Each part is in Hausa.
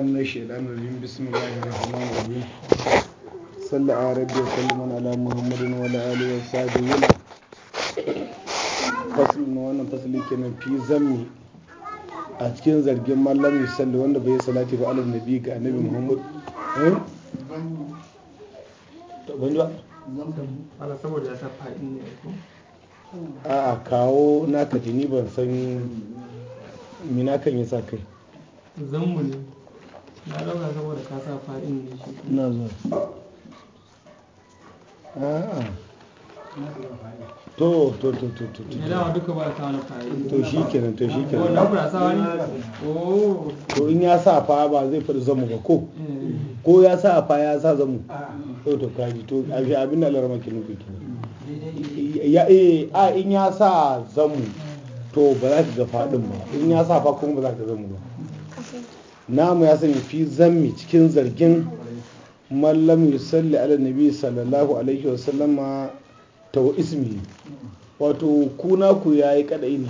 من الشيطان الرجيم بسم الله الرحمن الرحيم صلى على ربي وسلم على محمد وعلى وصحبه فصل a cikin zargin mallam sallu wanda bai ban ba ala saboda a kawo kai Na ɗauka saboda To, to, to, to, to. ba To shi kenan, to shi kenan. To in ya sa fa ba zai faɗi zamu ba ko? Eh. Ko ya sa fa ya sa zamu? To, to, kaji. To, abin da alarma ke nufi kenan. Ya, eh, a in ya sa zamu to ba za ka ga faɗin ba. In ya sa fa kuma ba za ka zamu ba. namu ya sani fi zammi cikin zargin mallam yusalli ala nabi sallallahu alaihi wa sallama ta ismi wato kuna ku ya yi kadai ne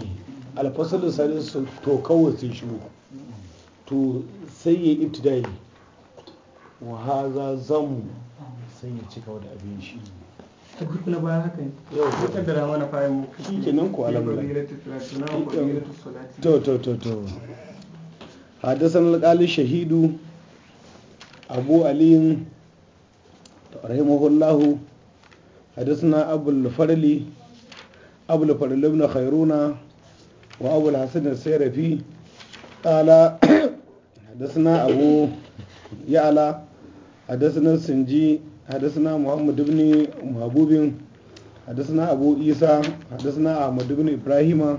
alfasalin su to kawai sun shi to sai ya ibtidai wa haza zamu sai ya cika da abin shi ta gudu na bayan haka yau ko kaddara mana fayin mu shi kenan ko alhamdulillah to to to to حدثنا القال الشهيد أبو علي رحمه الله حدثنا أبو الفرلي أبو الفرلي بن خيرونة وأبو الحسن السيرفي قال حدثنا أبو يعلى حدثنا السنجي حدثنا محمد بن محبوب حدثنا أبو إيسى حدثنا أحمد بن إبراهيم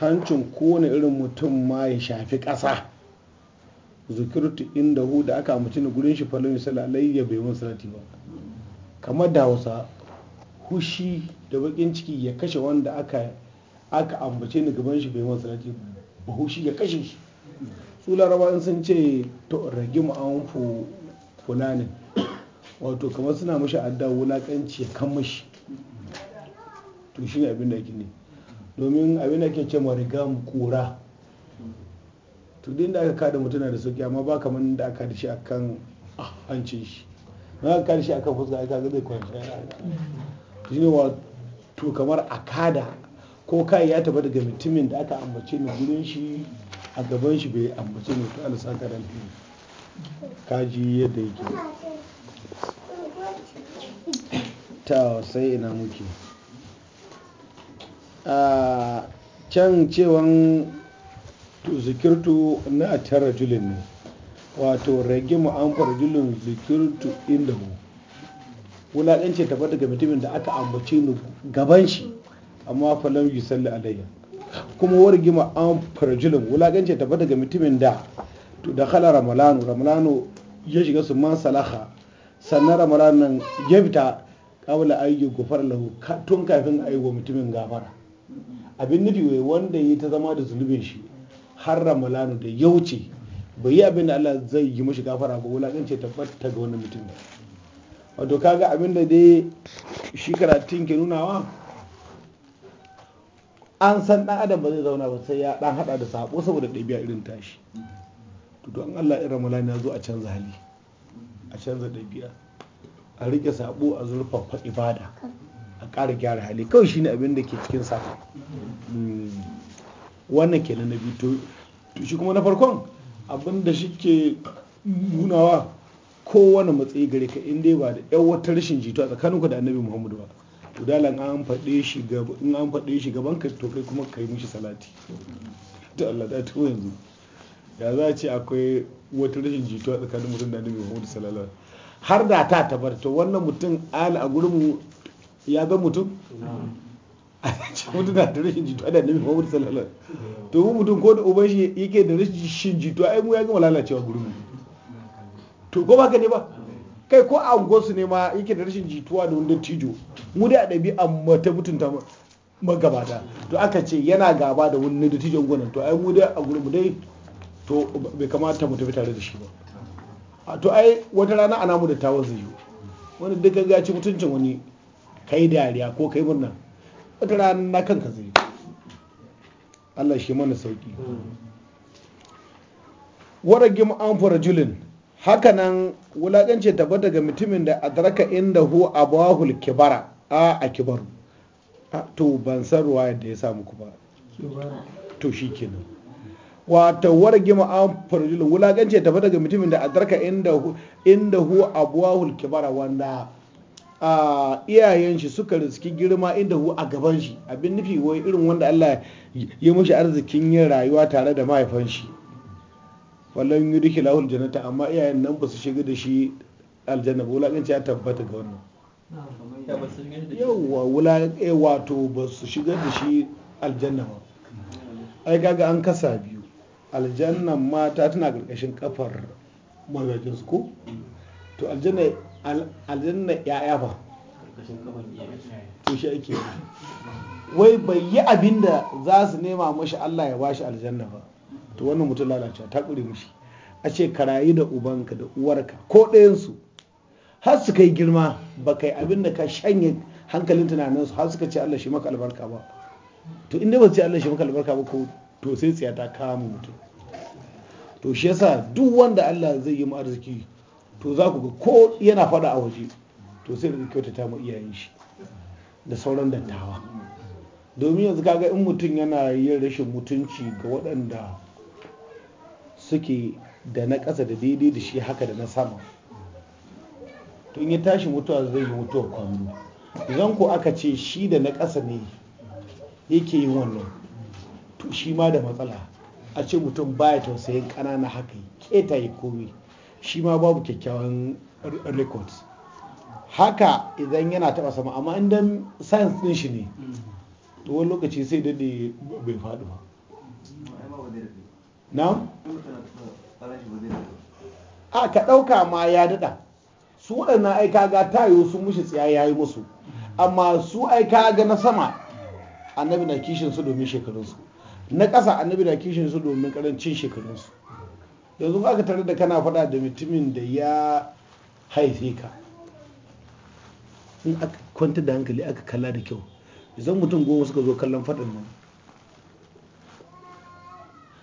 hancin kowane irin mutum ma ya shafi ƙasa zukirtu inda hu da aka mutum gurin shi falon yi salalai bai mun salati ba kamar da hausa hushi da bakin ciki ya kashe wanda aka aka ambace ni gaban shi bai mun salati ba hushi ya kashe shi su laraba in sun ce to ragi mu an fu fulani wato kamar suna mashi adda wulaƙanci ya kan mashi to shi ne abin da ne domin abin da ke ce ma riga mu kura to din da aka kada mutum da sauki amma ba kamar da aka da shi akan hancin shi na aka kada shi akan fuska aka ga zai kwanci shi ne to kamar a kada ko kai ya taba daga mutumin da aka ambace ni gurin shi a gaban shi bai ambace ni to alisa karanti kaji yadda yake ta sai ina muke can cewan zikirtu na a julin ne wato rage mu an julin zikirtu inda mu wulaƙanci tafi daga mutumin da aka ambaci ni gaban shi amma falon yi salli alayya kuma wargi ma an farjulin ce tafi daga mutumin da to da kala ramalanu ramalanu ya shiga su man salaha sannan ramalanu ya fita kawula ayyuka gofar lahu tun kafin ayyuka mutumin gafara abin nufi wai wanda yi ta zama da zunubin shi har ramalanu da ya wuce bai yi abin da Allah zai yi mashi gafara ba wulaƙance tabbata ga wani mutum wato kaga abin da dai shi karatun ke nunawa an san ɗan adam ba zai zauna ba sai ya ɗan haɗa da saɓo saboda ɗabi'a irin tashi to don Allah irin mulan ya zo a canza hali a canza ɗabi'a a riƙe saɓo a zurfafa ibada a ƙara gyara hali kawai shi ne abin da ke cikin sa mm. wannan kenan na biyu to shi kuma na farkon abin da shi ke nunawa kowane matsayi gare ka in dai ba da yan wata rashin jito a tsakaninku da annabi muhammadu ba to dalan an faɗe shi in an faɗe shi gaban ka to kai kuma kai mishi salati to Allah da to yanzu ya za a ce akwai wata rashin jito a tsakanin mutum da annabi muhammadu sallallahu har da ta tabar to wannan mutum al a gurin mu ya ga mutum mutum na da rashin jituwa da nabi Muhammad sallallahu alaihi to mu mutum ko da uban shi yake da rashin jituwa ai mu ya gama lalacewa gurin mu to ko baka ne ba kai ko a unguwarsu ne ma yake da rashin jituwa da wanda tijo mu da ɗabi'a mu ta mutunta magabata to aka ce yana gaba da wani da tijon gwanan to ai mu da a gurin mu dai to bai kamata mu tafi tare da shi ba to ai wata rana ana mu da yi wani duka gaci mutuncin wani Ka yi dariya ko ka yi murna wata rana na kanka zai Allah shi mana sauki waragim an julin, hakanan wulaƙance tabbata daga mutumin da adraka inda hu abahul kibara a akibaru to ban san ruwa yadda ya samu ku ba to shi kenan wata warage ma'an julin, wulaƙance tafi daga mutumin da adarka inda hu abuwahul kibara wanda a iyayen shi suka riski girma inda hu a gaban shi abin nufi wai irin wanda Allah ya mashi arzikin yin rayuwa tare da mahaifan shi yi duki lahul janata amma iyayen nan ba su shiga da shi aljanna ba wulakanci ya tabbata ga wannan yawwa wula eh, wato ba su shiga da shi aljanna ba ai gaga an kasa biyu Aljanna mata tana karkashin kafar su ko to aljanna aljanna ya'ya wai bai yi abin da za su nema mashi Allah ya bashi aljanna ba to wannan mutum lalacewa ta ƙure mushi a ce ka da ubanka da uwarka ko ɗayansu har su kai girma ba kai abin da ka shanye hankalin tunaninsu har suka ce Allah shi maka albarka ba to in dai ba ce Allah shi maka albarka ba ko to sai tsiya ta kama mutum to shi yasa duk wanda Allah zai yi mu arziki to za ku ga ko yana faɗa a waje to sai da kyautata mu iyayen shi da sauran dattawa domin yanzu kaga in mutum yana yin rashin mutunci ga waɗanda suke da na ƙasa da daidai da shi haka da na sama to in ya tashi mutuwa zai yi mutuwa kwando idan ko aka ce shi da na ƙasa ne yake yi wannan to shi ma da matsala a ce mutum baya tausayin ƙanana haka keta yi komi shi ma babu kyakkyawan records haka idan yana taba sama amma idan science din shi ne tuwon lokaci sai dade bai faɗi ba na? a ka ɗauka ma ya daɗa su waɗannan aika ga tayo sun mushi tsiya ya yi musu amma su aika ga na sama annabi na kishin su domin shekarunsu na ƙasa annabi na kishin su domin ƙarancin shekarunsu yanzu aka tare da kana faɗa da mutumin da ya haife ka in aka kwanta da hankali aka kalla da kyau idan mutum goma suka zo kallon faɗin nan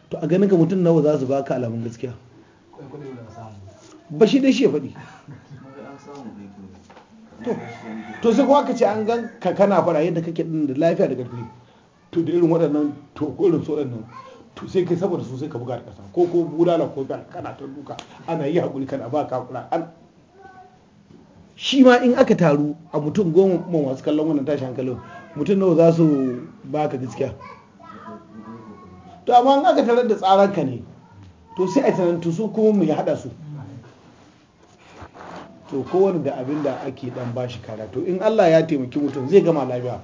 to a ganin ka mutum nawa za su baka alamun gaskiya ba shi dai shi ya faɗi to sai kuwa ka ce an gan ka kana faɗa yadda kake din da lafiya da ƙarfi to da irin waɗannan to irin su waɗannan to sai kai saboda su sai ka buga da kasa ko ko da ko gal kana ta duka ana yi hakuri kana ba ka kula al shi ma in aka taru a mutum goma kuma masu kallon wannan tashi hankalin mutum nawa za su baka gaskiya to amma in aka tarar da tsaran ka ne to sai a tunantu su kuma mu ya hada su to kowane da abin da ake dan bashi kara to in Allah ya taimaki mutum zai gama lafiya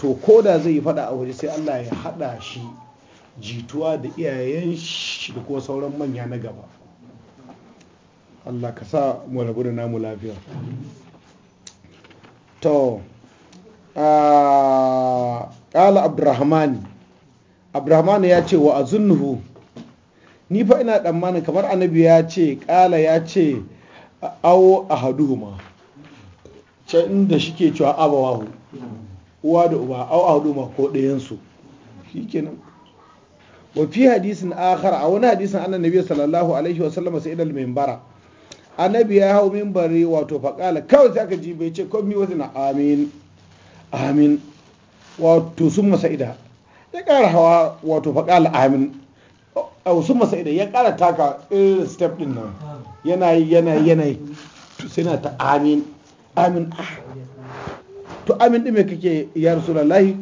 to ko da zai yi fada a waje sai Allah ya hada shi jituwa da iyayen shi da kuma sauran manya na gaba Allah ka sa mu rabu da namu lafiya to ƙala abdurrahman abdurrahman ya ce wa azunnuhu ni fa ina damanin kamar annabi ya ce ƙala ya ce awo a ahaduhuma can inda ke cewa abawahu uwa da uba awo ahaduhuma ko ɗayansu nan wa fi hadisin akhar a wani hadisin annan nabi sallallahu alaihi wa sallama sai idal minbara annabi ya hau minbari wato faƙala kawai sai aka ji bai ce ko mi wasu na amin amin wato sun masa ida ya kara hawa wato faƙala amin sun masa ida ya kara taka irin step din nan yana yi yana yi yana sai na ta amin amin ah. to amin ɗin me kake ya rasulullahi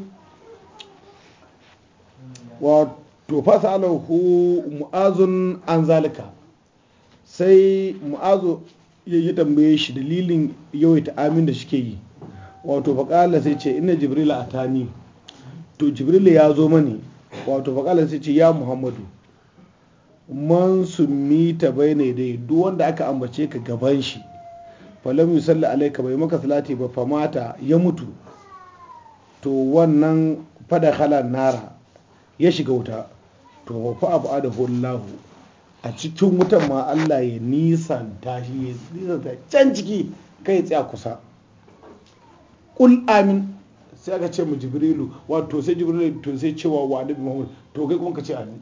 wato to fasa alahu mu'azun an zalika sai mu'azu ya tambaye shi dalilin yawaita amin da shike yi wato faƙala sai ce ina jibrila a tani to jibrila ya zo mani wato faƙala sai ce ya muhammadu man summi ta bai ne dai duk wanda aka ambace ka gaban shi falam yusalli alaika bai maka salati ba famata ya mutu to wannan fada halan nara ya shiga wuta to wa fa abu adahullahu a cikin wutan ma Allah ya nisan shi ya ta can ciki kai ya tsaya kusa kul amin sai aka ce mu jibrilu wato sai jibrilu to sai cewa wa annabi muhammad to kai kuma ka ce amin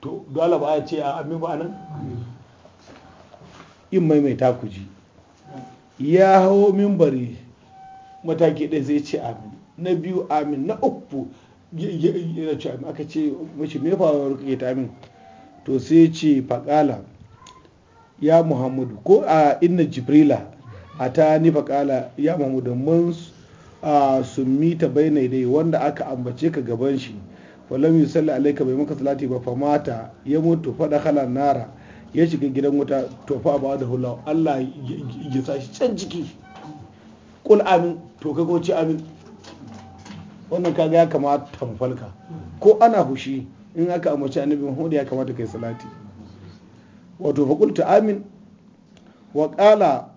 to dole ba a ce a amin ba nan in maimaita ku ji ya hawo mimbari mataki ɗaya zai ce amin na biyu amin na uku aka ce mashi me faruwar kake ta min to sai ce faƙala ya muhammadu ko a inna jibrila a ta ni faƙala ya muhammadu mun summi ta bainai dai wanda aka ambace ka gaban shi walam salli alaika bai maka salati ba fa mata ya mutu fada hala nara ya shiga gidan wuta to fa ba da hulawa Allah ya sa shi can jiki kul amin to ko ci amin wannan kaga ya kamata tamfalka ko ana hushi in aka amince annabi Muhammad ya kamata kai salati wato qultu amin wa qala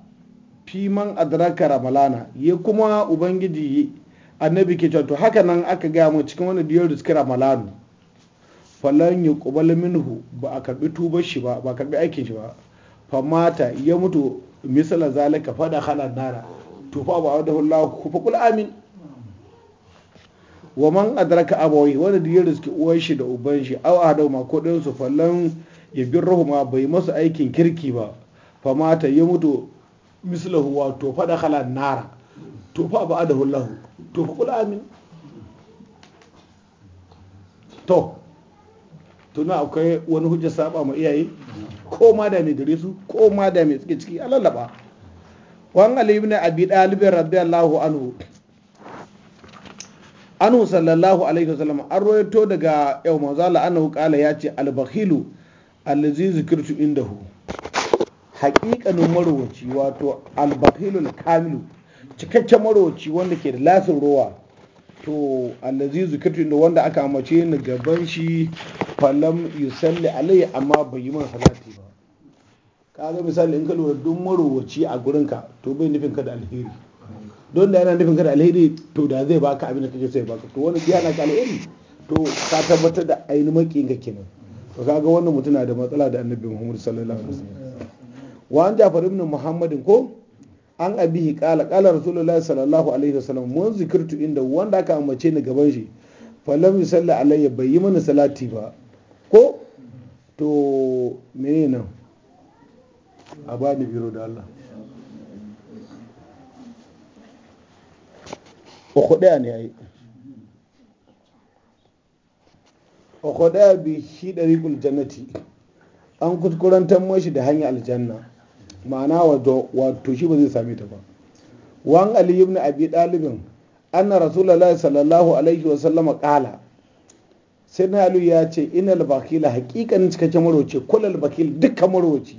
fi man adraka ramalana ya kuma ubangiji annabi ke to haka nan aka gaya mu cikin wani diyar da suka ramalanu falan ya kubal minhu ba a karbi tubar shi ba ba karbi aikin shi ba famata ya mutu misala zalika fada halan nara to fa ba da Allah ku fa amin wa man adraka abawai wanda duk ya riski uwan shi da uban shi aw ahadu ma ko dan su fallan yabirruhu ma bai masu aikin kirki ba fa mata ya mutu mislahu wa to fada khala nara to fa ba adahu Allah to fa kula amin to tuna akwai wani hujja saba ma iyaye ko ma da mai gare su ko ma da mai suke ciki alalaba wan ali ibn abi talib radiyallahu anhu anhu sallallahu alaihi wasallam an royato daga yau manzo Allah annahu qala ya al-bakhilu allazi zikirtu indahu haƙiƙanin marwaci wato al kamilu cikakken marwaci wanda ke da lasin rowa to allazi zikirtu inda wanda aka amace ni gaban shi falam yusalli alai amma bai yi man salati ba kaga misali in ka lura duk marwaci a gurinka to bai nufin ka da alheri don da yana nufin kada alheri to da zai baka abin da kake so ya baka to wani biya na ka alheri to ka tabbatar da ainihin makin ka kenan to kaga wannan mutum na da matsala da annabi Muhammad sallallahu alaihi wasallam wa an Jafar ibn Muhammadin ko an abihi qala qala rasulullahi sallallahu alaihi wasallam mun zikirtu inda wanda aka ambace ni gaban shi fa lam yusalli alayya bai yi mana salati ba ko to menene nan a bani biro da Allah ɗaya ne yayi ɗaya bi shi dariqul jannati an kuskurantar mashi da hanyar aljanna ma'ana wato wato shi ba zai same ta ba wan ali ibn abi dalibin anna rasulullahi sallallahu alaihi wa sallam qala na ali ya ce inal bakila haqiqan cikakken marwaci kullal bakil dukkan marwaci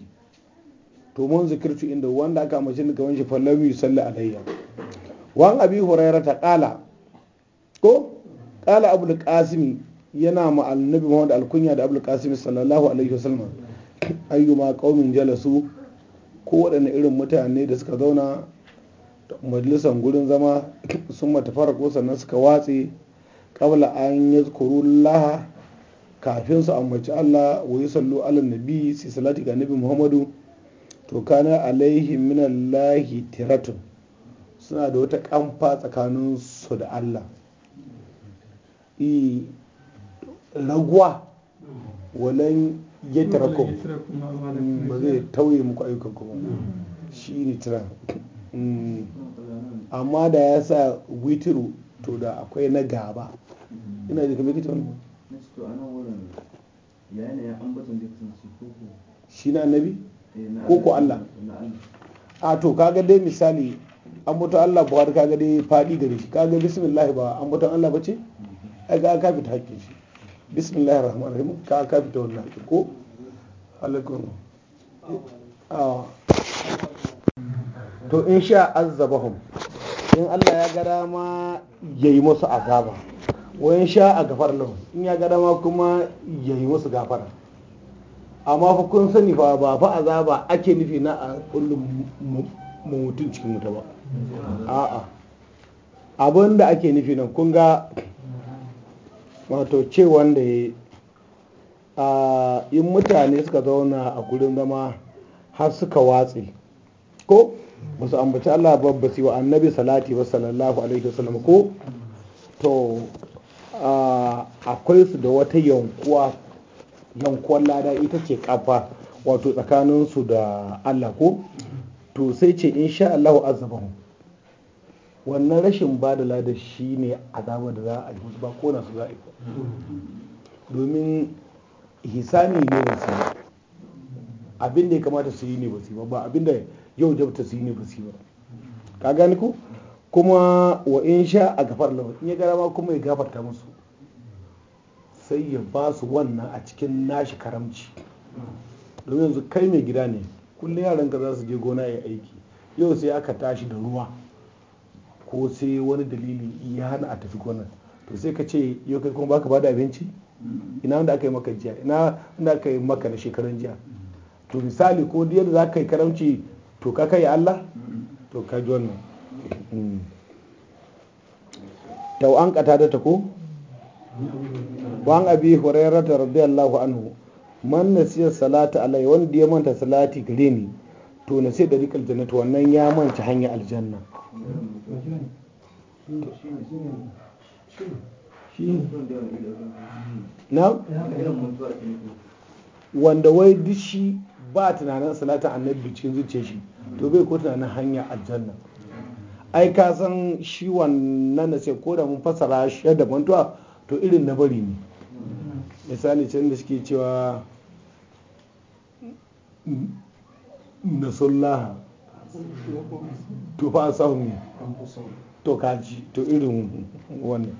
to mun zikirtu inda wanda aka amince ni gaban shi alaihi wa alayya wan abi huraira ta kala ko kala abul qasim yana ma annabi Muhammad alkunya da abul qasim sallallahu alaihi wasallam ayyuma qaumin jalasu ko waɗanne irin mutane da suka zauna majalisar gurin zama sun ko sannan suka watse kabla an zukuru laha kafin su ambaci Allah wa yi sallu ala nabi sai salati ga nabi Muhammadu to kana alaihi minallahi tiratun suna da wata kamfa tsakaninsu da Allah raguwa walan ya ba zai tauye muku ayyukan kuma shi ne tira mm. amma da ya sa witiru to da akwai na gaba ina da kamar kitan shi na annabi eh, ko ko Allah a to kaga dai misali an mutu Allah buhari kaga dai faɗi gare shi kaga bismillah ba an mutu Allah ba ce ai ga ka fita hakkin shi bismillah rahman rahim ka ka fita wannan hakkin ko alaikum ah. to in sha azzabahum in Allah ya ma ya yayi musu azaba wa in sha a gafar lahum in ya ga ma kuma yayi musu gafara amma fa kun sani fa ba fa azaba ake nufi na a kullum mutum cikin wuta ba a'a abin da ake nufi nan kun ga wato ce wanda ya a in mutane suka zauna a gurin zama har suka watse ko ba su ambaci Allah ba ba wa annabi salati ba sallallahu alaihi wasallam ko to akwai su da wata yankuwa yankuwar lada ita ce kafa wato tsakaninsu da Allah ko to sai ce insha Allah azabahu wannan rashin ba da lada shi ne azaba da za a yi ba na su za a yi domin hisani ne ba su abin da ya kamata su yi ne ba su ba abin da yau jabta su yi ne ba su ba ka gani ku kuma wa in sha a gafar lafa in ya gara ma kuma ya gafarta musu sai ya ba su wannan a cikin nashi karamci domin yanzu kai mai gida ne kullum yaran ka za su je gona ya aiki yau sai aka tashi da ruwa ko sai wani dalili ya hana a tafi gonar to sai ka ce yau kai kuma baka bada abinci ina wanda aka yi maka jiya ina wanda aka yi maka na shekaran jiya to misali ko da yadda za ka yi karamci to ka kai Allah to ka ji wannan mm. tau an kata da ta ko wan abi hurairah radiyallahu anhu man nasiya salata alai wanda ya manta salati gare ni to na sai dariƙar wannan ya manta hanyar aljanna wanda wai duk shi ba tunanin salata annabi cikin zuciya shi to bai ko tunanin hanya aljanna ai ka san shi wannan na ce ko da mun fasara shi da bantuwa to irin na bari ne misali can da suke cewa nasallaha tufa fa sauni to kaji to irin wannan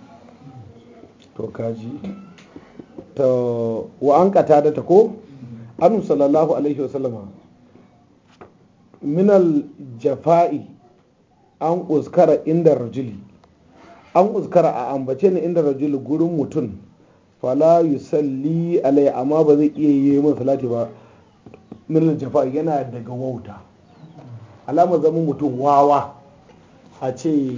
to kaji ta wa'anka ta da ta ko annu sallallahu alaihi wasallama minal jafa'i an uskara inda rajuli an uskara a ambace ne inda rajuli gurin mutum fala yusalli alai amma ba zai iya yi salati ba nuna jafa yana daga wauta alamar zama mutum wawa a ce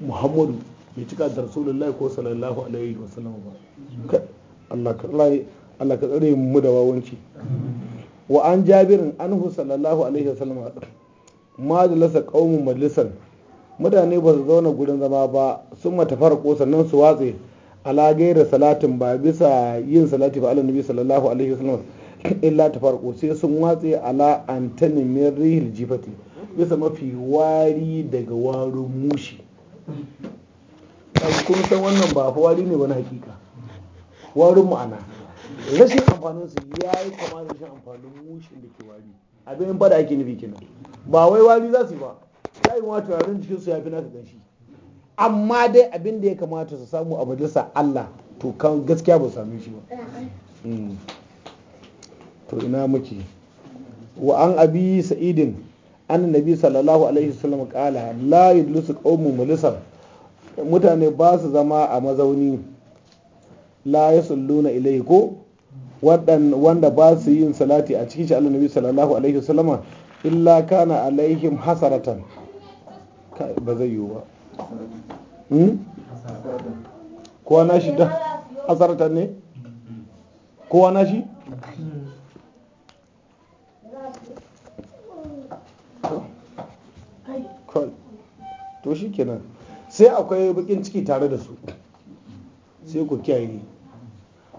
muhammadu bai cika da rasulullahi ko sallallahu alaihi wasallam ba Allah ka tsare mu da wawanci wa an jabirin hu sallallahu alaihi wasallam ma da lasa qaumun majalisar. mutane ba su zauna gurin zama ba sun mata farko sannan su watse alagai da salatin ba bisa yin salati ba ala nabi sallallahu alaihi wasallam illa ta farko sai sun watse ala antanin min rihil jifati bisa mafi wari daga warin mushi kuma san wannan ba fa wari ne wani hakika warin ma'ana rashin amfanin su ya yi kama da rashin amfanin mushin da ke wari abin ba da ake nufi kenan ba wai wari za su ba ya yi wata turaren jikin su ya fi naka ganshi amma dai abin da ya kamata su samu a majalisa Allah to kan gaskiya ba su same shi ba hmm. to ina muke wa an abi sa'idin an nabi sallallahu alaihi wasallam kala la yudlusu qaumu mulisan mutane ba su zama a mazauni la yasalluna ilayhi ko wadan wanda ba su yin salati a cikin shi Allah nabi sallallahu alaihi wasallama illa kana alaihim hasaratan ba zai yi ba hmm? kowa na shi da hasaratan ne kowa na shi to shi kenan sai akwai bakin ciki tare da su sai ku kiyaye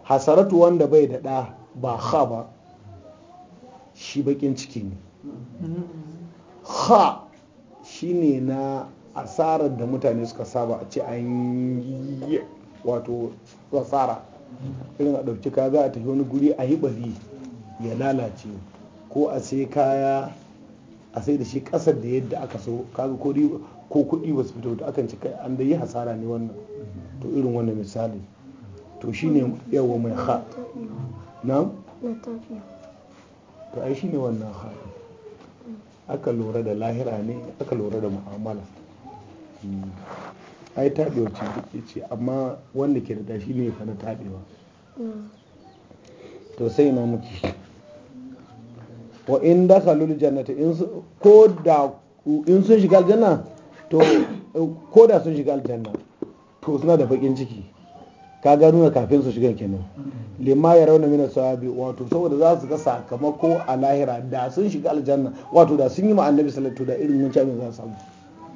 hasaratu wanda bai da ɗa ba ha ba shi bakin ciki ne ha shi ne na asarar da mutane suka saba a ce an yi wato asara irin a ɗauki ka za a tafi wani guri a yi bari ya lalace ko a sai kaya a sai da shi ƙasar da yadda aka so kaga ko ko kuɗi wasu fito to akan cika an da yi hasara ne wannan to irin wannan misali to shine yawa mai ha na to ai shi ne wannan ha aka lura da lahira ne aka lura da mu'amala hmm. ai taɓewa ce duk ce amma wanda ke da shi ne fa na taɓewa to sai na muke wa in dakhalul jannata in ko da in sun shiga aljanna to ko da sun shiga aljanna to suna da bakin ciki ka gano kafin su shiga kenan lima ya rauna mina sahabi wato saboda za su ga sakamako a lahira da sun shiga aljanna wato da sun yi ma annabi sallallahu da irin wancan abin za su samu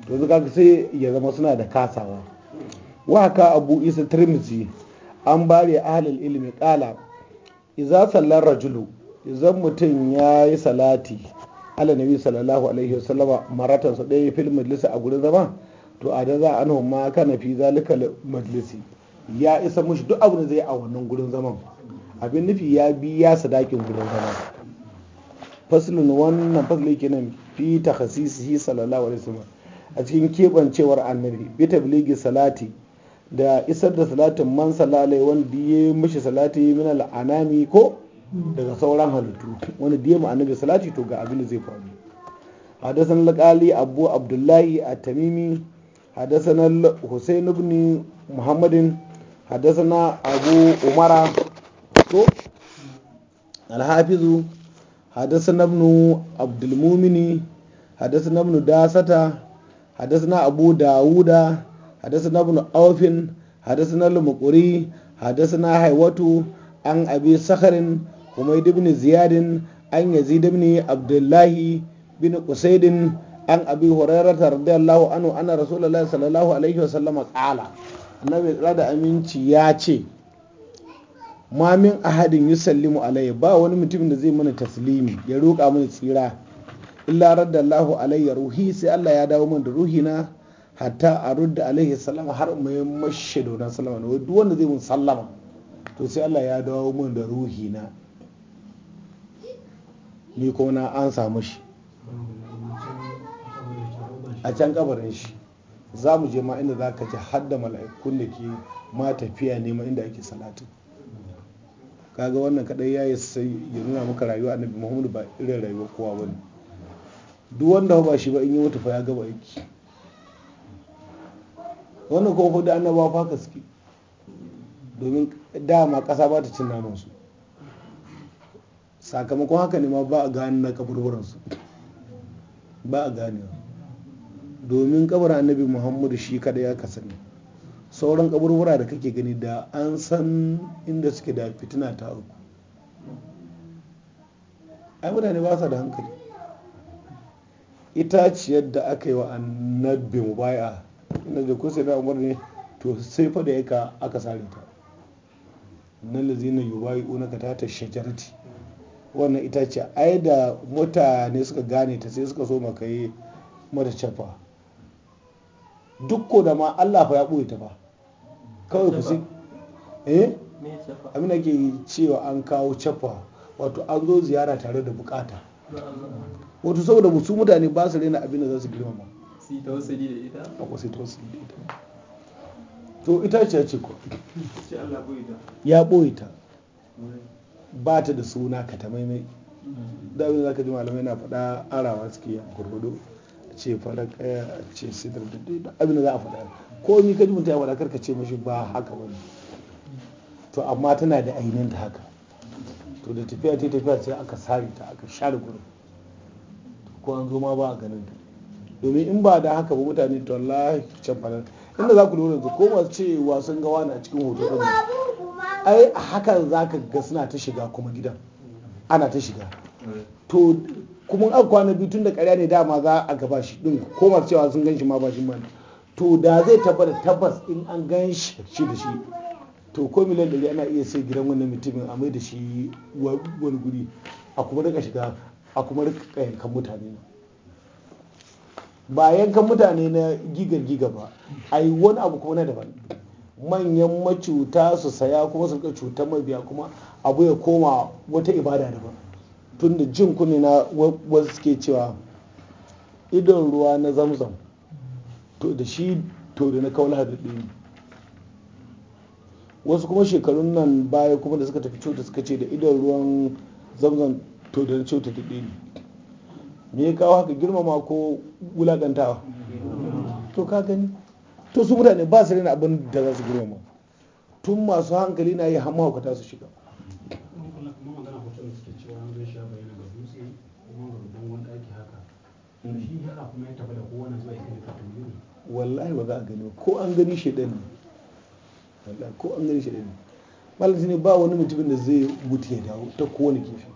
to zaka sai ya zama suna da kasawa wa haka abu isa tirmizi an bare ahlul ilmi kala idza sallar rajulu idan mutum ya yi salati ala nabi sallallahu alaihi wasallama maratan su ɗaya fil majlisa a gurin zama to a da za a nuna ma kana fi zalika majlisi ya isa mushi duk abin da zai a wannan gurin zaman abin nufi ya bi ya sadakin gurin zaman faslin wannan fasli kenan fi takhasisi sallallahu alaihi wasallam a cikin kebancewar annabi bi tabligi salati da isar da salatin man salalai wanda ya mushi salati min al-anami ko daga sauran halittu Wani da yamma annabi salati to ga abin da zai faru hadasan alƙali abu abdullahi a tamimi hadasan husain ibn muhammadin hadasan abu umara to alhafizu hadasan ibn abdulmumini hadasan ibn dasata hadasan abu dawuda hadasan ibn aufin hadasan al-muqri hadasan haywatu an abi sakharin حميد بن زياد عن يزيد بن عبد الله بن قسيد عن أبي هريرة رضي الله عنه أن رسول الله صلى الله عليه وسلم قال النبي رد أمين تياتي ma min ahadin yusallimu alayya ba wani mutumin da zai mana taslimi ya roƙa mana tsira Ilarar da Allahu ruhi sai Allah ya dawo min da ruhi na hatta a rudda alayhi salama har mai mashi donan salama ne wanda zai mun sallama to sai Allah ya dawo min da ruhi na ni ko na an samu shi a can kabarin shi za mu je ma inda za ka ji hadda mala'ikun da ke ma tafiya nema inda ake salatu kaga wannan kadai ya yi sai ya nuna maka rayuwa annabi muhammadu ba irin rayuwar kowa ba ne duk wanda ba shi ba in yi wata fa ya gaba aiki wannan kofo hudu annabawa fa ka suke domin dama kasa ba ta cin naman sakamakon haka ne ma ba a gane na kaburburansu ba a ganewa domin kabar annabi muhammadu shi kada ya kasa ne sauran kaburbura da kake gani da an san inda suke da fitina ta uku ai mutane ba sa da hankali itaciyar da aka yi wa annabi baya inda da kusa da umar ne to sai fa da yaka aka sare ta nan lazina yubayi unaka ta ta shajarati wannan itace ai da mutane suka gane ta sai suka so maka yi mata cefa duk ko da ma Allah fa ya ɓoye ta fa kawai ku sai eh abin da ke cewa an kawo cefa wato an zo ziyara tare da bukata wato saboda su mutane ba su rena abin da za su girmama si tausali da ita akwai si to ita ce ce ko ya ya ɓoye ta ba ta da suna ka ta maimai da abin za ka ji malamai na faɗa arawa suke a gurgudu a ce fara kaya a ce sidar da abin da za a faɗa ko ni ka ji mutum ya faɗa karka ce mashi ba haka ba to amma tana da ainihin ta haka to da tafiya ta tafiya sai aka sare ta aka share gurin ko an zo ma ba a ganin ta domin in ba da haka ba mutane to wallahi can faɗa inda za ku lura da ko ba ce wasan gawa na cikin hoto ɗin ai a hakan za ka ga suna ta shiga kuma gidan ana ta shiga to kuma an kwana biyu tun da karya ne dama za a gaba shi din ko masu cewa sun gan shi ma ba shi ba to da zai tabbata tabbas in an gan shi da shi to ko miliyan ɗari ana iya sai gidan wannan mutumin a mai da shi wani guri a kuma rika shiga a kuma rika yankan mutane ba yankan mutane na gigar giga ba a yi wani abu kuma na daban manyan macuta su saya kuma su rika cutar mabiya kuma abu ya koma wata ibada daban tun da jin kuni na wasu suke cewa idon ruwa na zamzam to da shi to da na kaula da ne wasu kuma shekarun nan baya kuma da suka tafi cuta suka ce da idon ruwan zamzam to da na cuta daɗe ne me ya kawo haka girmama ko wulaƙantawa to ka gani to su mutane ba su rena abin da za su girma tun masu hankali na yi hama hukata su shiga wallahi ba za a gani ko an gani shaidan ne wallahi ko an gani shaidan ne malatin ba wani mutumin da zai mutu ya dawo ta kowane kifi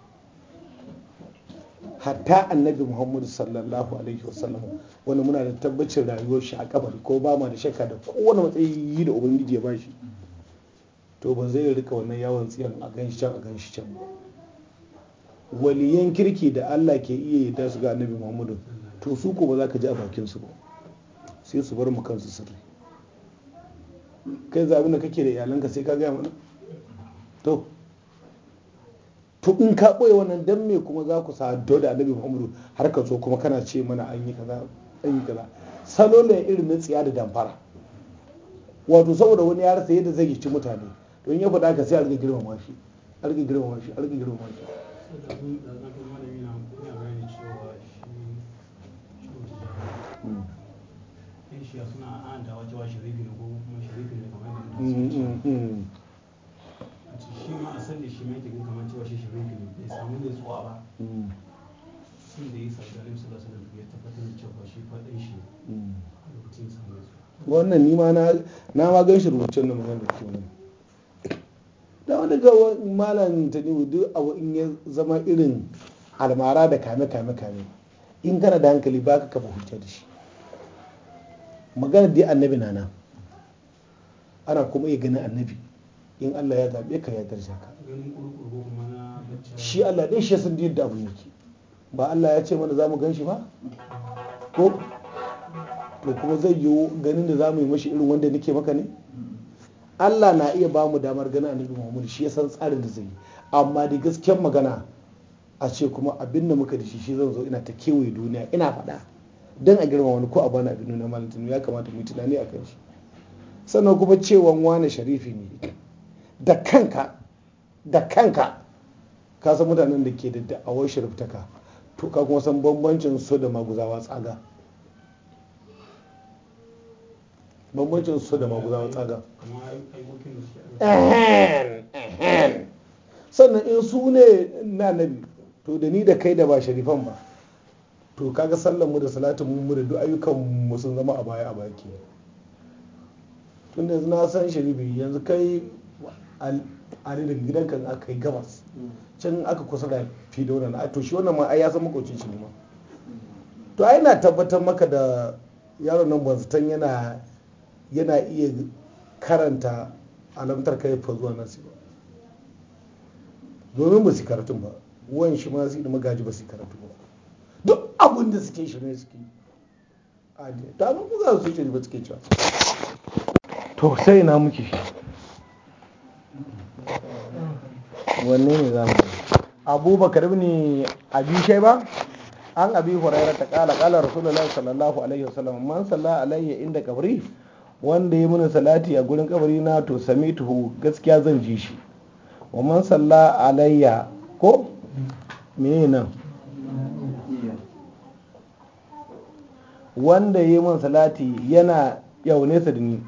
hatta annabi muhammadu sallallahu alaihi wasallam wani muna da tabbacin rayuwar shi a kabar ko ba ma da shakka da kowane matsayi yi da ubangiji ya bashi to ba zai rika wannan yawon tsiyan a gan can a gan can waliyan kirki da allah ke iya yi da su ga annabi muhammadu to su ko ba za ka ji a bakin su ba sai su bar mu kansu sirri kai za da kake da iyalanka sai ka gaya mana to to in ka ɓoye wannan dan me kuma za ku sa'addo da annabi muhammadu har ka zo kuma kana ce mana an yi kaza an yi kaza salo ne irin na tsiya da damfara wato saboda wani ya rasa yadda zai ci mutane to in ya faɗa ka sai a riga girmama shi a riga girmama shi a riga girmama shi shi ma a san da shi mai kamar samu zuwa ba sun mm. da yi sargare su da sanar ya tabbatar da cewa shi faɗin shi mm. a lokacin ya samu nutsuwa wannan ni ma na ma gan shi rubutun nan magana da ke nan da wani ga malamin ta ne duk abu in ya zama irin almara da kame kame kame in kana da hankali ba ka kafa hujja da shi magana dai annabi na nan ana kuma iya ganin annabi in Allah ya zaɓe ka ya darja ka shi Allah din shi sun da abin yake ba Allah ya ce mana za mu gan shi ba ko to kuma zai yiwu ganin da za mu yi mashi irin wanda nake maka ne Allah na iya ba mu damar ganin annabi Muhammad shi ya san tsarin da zai yi amma da gaskiyar magana a ce kuma abin da muka da shi shi zan zo ina ta kewaye duniya ina faɗa don a girma wani ko a bana abin nuna malam ya kamata mu yi tunani a kan shi sannan kuma cewan wane sharifi ne da kanka da kanka ka san mutanen da ke da da'awar shiriftaka to ka kuma san bambancin su da maguzawa tsaga bambancin su da maguzawa tsaga sannan in su ne na nabi to da ni da kai da ba sharifan ba to kaga sallan mu da salatin mu da duk ayyukan mu sun zama a baya a baki tun yanzu na san sharifi yanzu kai a daga gidanka aka yi gabas can aka kusa da fido nan a to shi wannan ma ai ya san makocin shi ne ma to ai na tabbatar maka da yaron nan banzatan yana yana iya karanta alamtar kai fa zuwa nasi ba domin ba su karatun ba Wani shi ma su da magaji ba su karatu ba duk abin da suke shi ne suke a ta ga ku za su ce ba suke cewa to sai na muke shi. wanne ne za mu abubakar ibn abishai ba. an abi hurairah ta kala kala rasulullahi sallallahu alaihi wasallam man salla alayya inda kabri wanda ya mini salati a gurin kabari na to sami tuhu gaskiya zan ji shi wa man salla alayya ko me nan wanda ya min salati yana yaune sa da ni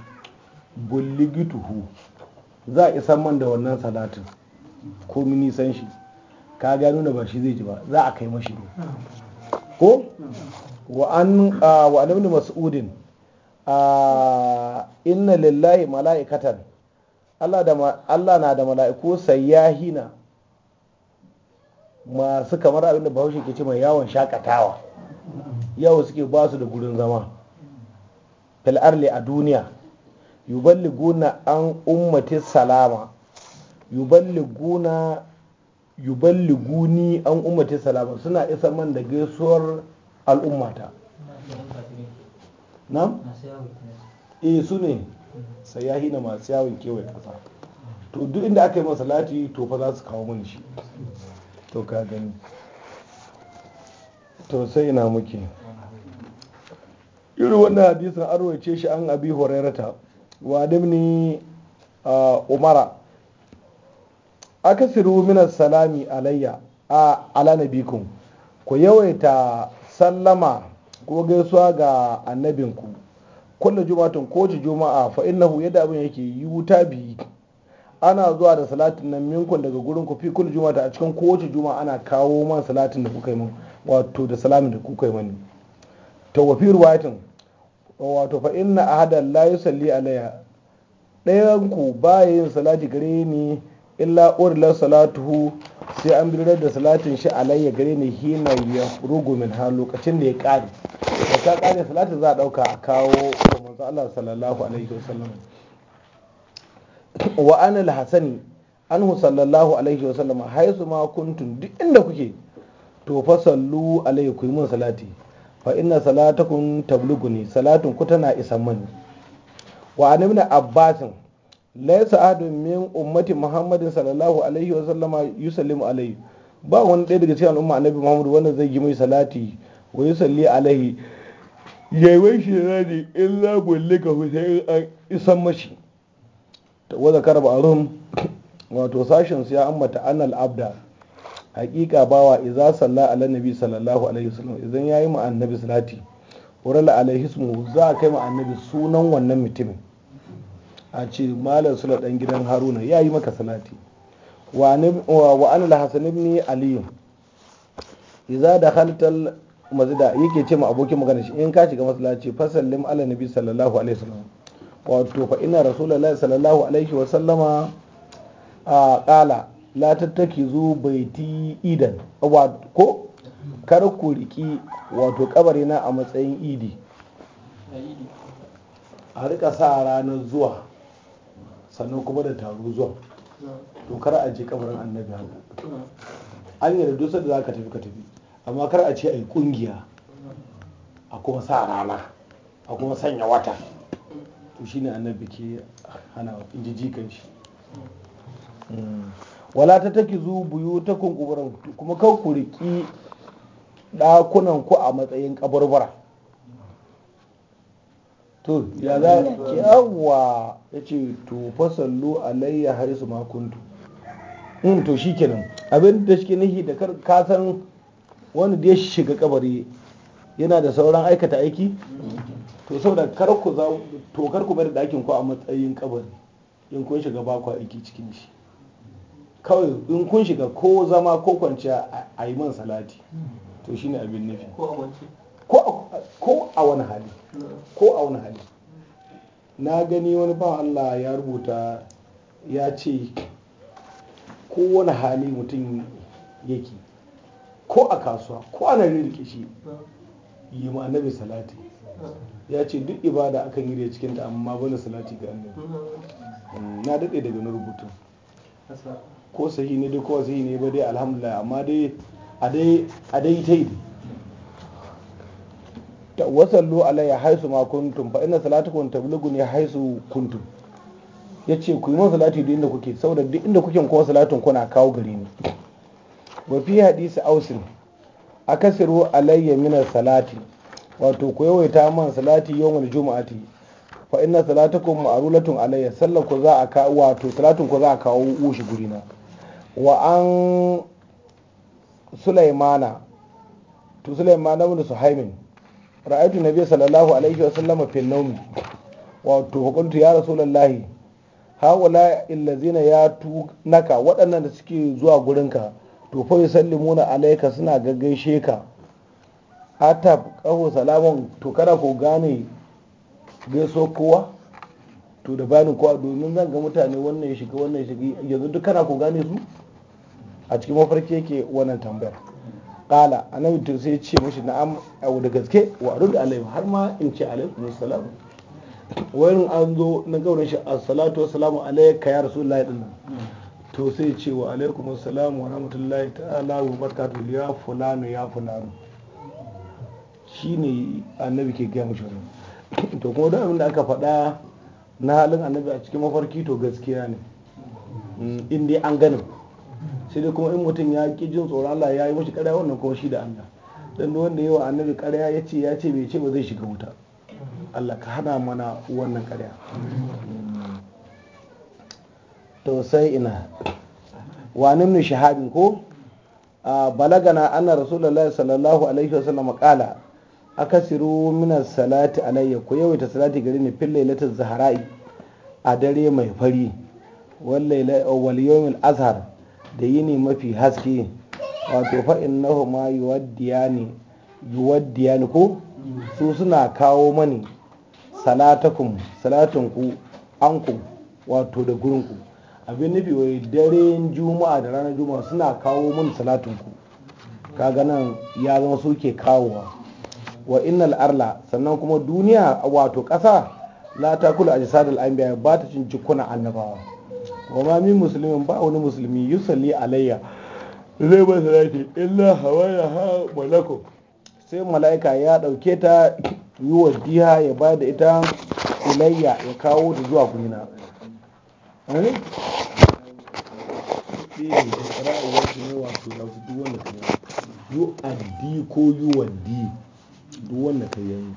bulligituhu za a isan man da wannan salatin komi nisan shi ka gano nuna ba shi zai ji ba za a kai mashi ne ko wa an ibn mas'udin inna lillahi mala'ikatan Allah na da mala'iku sayyahina masu kamar abin da bahaushe ke ce mai yawon shakatawa yawo suke ba su da gurin zama fil a duniya yuballiguna an ummati salama yuballiguni an umarci salama suna isa man da gaisuwar al'ummata na? eh su ne sayahi na masu yawon kewaye kasa to duk inda aka yi masa lati to fa za su kawo mun shi to ka gani to sai ina muke irin wannan hadisin an shi an abi horarata wa adamni ah, umara akasiru minas salami alayya a ala nabikum ku yawaita sallama ko gaisuwa ga annabinku kullu jumatun kowace juma'a fa innahu yadda abin yake yi wuta bi ana zuwa da salatin nan minkun daga gurin ku fi kullu juma'a a cikin kowace juma'a ana kawo man salatin da kuka yi min wato da salamin da kuka yi mani to wa fi ruwayatin wato fa inna ahadan la yusalli alayya ɗayan ku ba yin salati gare ni illa urla salatuhu sai an birar da salatin shi alayya gare ni hina ya rugu min ha lokacin da ya kare da ka kare salatin za a dauka a kawo wa manzo Allah sallallahu alaihi wasallam wa ana al-hasani anhu sallallahu alaihi wasallam haisu ma kuntum duk inda kuke to fa sallu alaihi ku min salati fa inna salatakum tabluguni salatun ku tana isan mani wa ibn abbasin laisa adun min ummati muhammadin sallallahu alaihi wa sallama yusallimu alaihi ba wani ɗaya daga cikin al'umma annabi muhammadu wanda zai yi mai salati wa yusalli alaihi yayin shi da ne in la gullika husayn an isan mashi wa zakara ba arum wato sashin ya ambata annal abda hakika bawa iza salla ala nabi sallallahu alaihi wasallam idan yayi mu annabi salati wurin alaihi ismu za a kai mu annabi sunan wannan mutumin a ce malam sula dan gidan haruna ya yi maka salati wa an al aliyu ibn za da dakhalta al-masjid yake ce ma abokin magana shi in ka shiga masallaci fa sallim ala nabi sallallahu alaihi wasallam wato fa inna rasulullahi sallallahu alaihi wasallama a kala la tattaki zu baiti idan ko kar ku riki wato kabarina a matsayin idi a rika sa ranar zuwa sannan kuma da taro zuwa to kar a je kabarin annabi haka an yi da duk da za ka tafi ka tafi amma kar a ce a yi kungiya a kuma sa rana a kuma sanya wata to shi ne annabi ke hana in ji jikan shi mm. wala ta take zu buyu ta kunkuburan kuma kan ku riki dakunan ku a matsayin kabarbara to ya za yawwa ya ce to fasallu alayya su makuntu in hmm, to shi kenan abin da shi nihi da ka san wani da ya shiga kabari yana da sauran aikata aiki to saboda kar ku za to kar ku bari dakin ku a matsayin kabari in kun shiga ba ku aiki cikin shi kawai in kun shiga ko zama ko kwanciya a yi man salati to shine abin nufi ko a wani hali ko a wani hali na gani wani ba Allah ya rubuta ya ce ko wani hali mutum yake ko a kasuwa ko ana rirke shi yi ma annabi salati ya ce duk ibada akan yi da cikin ta amma bana salati ga annabi mm, na daɗe daga na rubutun ko sahi ne duk ko sahi ne ba dai alhamdulillah amma dai a dai ta yi wasallu alayya haisu ma kuntum fa inna salatukum tablughuni haisu kuntum yace ku yi min salati duk inda kuke saboda duk inda kuke kuma salatun kuna kawo gare ni wa fi hadisi ausin akasiru alayya min salati wato ku yawaita man salati yawmul jumu'ati fa inna salatakum ma'rulatun alayya sallaku za a kawo wato salatun ku za a kawo ushi guri na wa an sulaimana to sulaimana ibn suhaimin ra'aytu nabiyyi sallallahu alaihi wa sallama fil nawmi wa to hukuntu ya rasulullahi hawala illazina tu naka waɗannan da suke zuwa gurinka to fa yusallimuna alaika suna gaggaishe ka hatta qahu salamun to kana ko gane gaiso kowa to da bani kowa domin zan ga mutane wannan ya shiga wannan ya shiga yanzu duk kana ko gane su a cikin mafarki yake wannan tambayar qala annabi to sai ce mashi na'am au da gaske wa arud alaihi har ma in ce alaikum salam wani an zo na gauran shi assalatu wassalamu alayka ya rasulullahi din to sai ce wa alaikum assalam wa rahmatullahi ta'ala wa barakatuh ya fulano ya fulano shine annabi ke gaya mashi wani to kuma da abin da aka faɗa na halin annabi a cikin mafarki to gaskiya ne in dai an ganin sai dai kuma in mutum ya ki jin tsoron Allah ya yi mashi ƙarya wannan kuma shi da Allah dan wanda yawa annabi ƙarya ya ce ya ce bai ce ba zai shiga wuta Allah ka hana mana wannan ƙarya to sai ina wa nimnu shahabin ko balagana anna rasulullahi sallallahu alaihi wasallam qala akasiru min salati alayya ku yawaita salati gare ni fil lailatul zahra'i a dare mai fari wal yawmil azhar da yini mafi haske wato fa'in nahu ma yuwaddiya ne ko su suna kawo mani salatakum salatunku anku wato da gurinku abin nufi wai daren juma'a da ranar juma'a suna kawo mani salatunku kaga nan ya zama suke kawowa wa innal arla sannan kuma duniya wato ƙasa la ta kula a jisadar anbiya ba ta cin jikunan annabawa wa ma min musulmin ba wani musulmi yusalli alayya zai ba salati illa hawaya malaku sai mala'ika ya dauke ta yi wa diha ya ba da ita ilayya ya kawo da zuwa gurina yu addi ko yu waddi duk wanda ka yi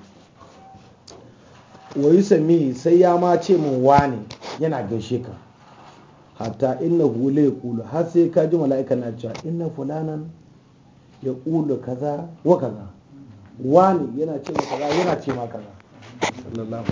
wa yi sami sai ya ma ce min wane yana gaishe ka hatta inna hule ya kulu har sai ka ji mala'ika na cewa inna fulanan ya kulu kaza wa kaza wani yana ce ma kaza yana ce ma kaza